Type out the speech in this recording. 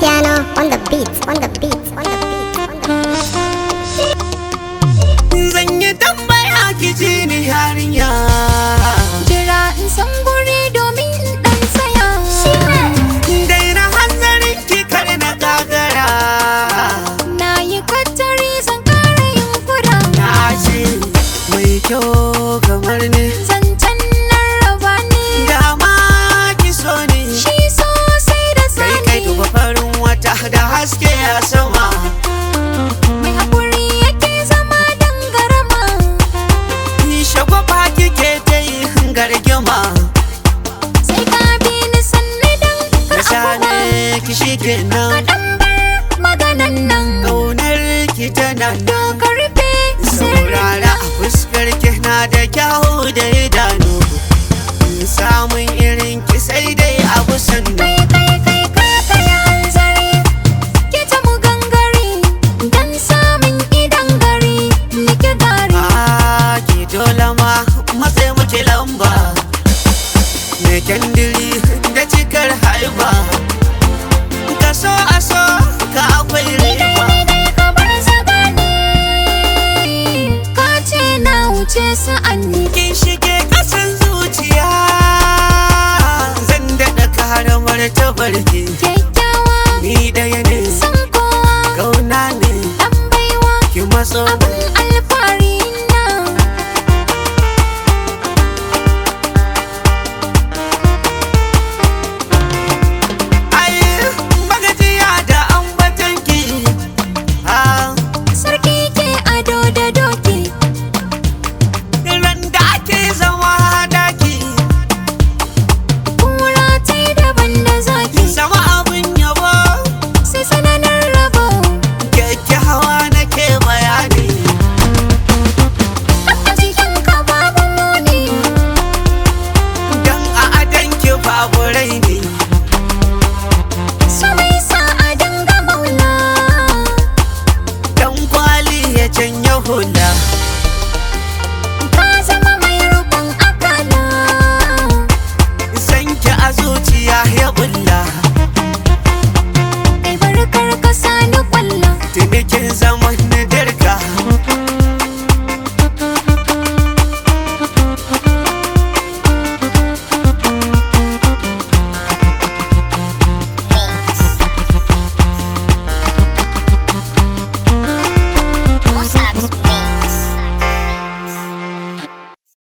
cristiano. haske a sama mai haƙuri yake zama dangarama ni shagwaba kike ta yi gargima sai ka bi ni sannu dan ka abuwa ki shi kenan maganan nan ƙaunar ki tana nan karfe saurara fuskar ki na da kyau da yi lamba mai kyandiri da cikar haiba ka so a so ka akwai riba wuce sa'an kin shige kasan zuciya zan daɗa ta tabarki kyakkyawa ni ɗaya ne san kowa gauna ne ɗan baiwa ki matso abin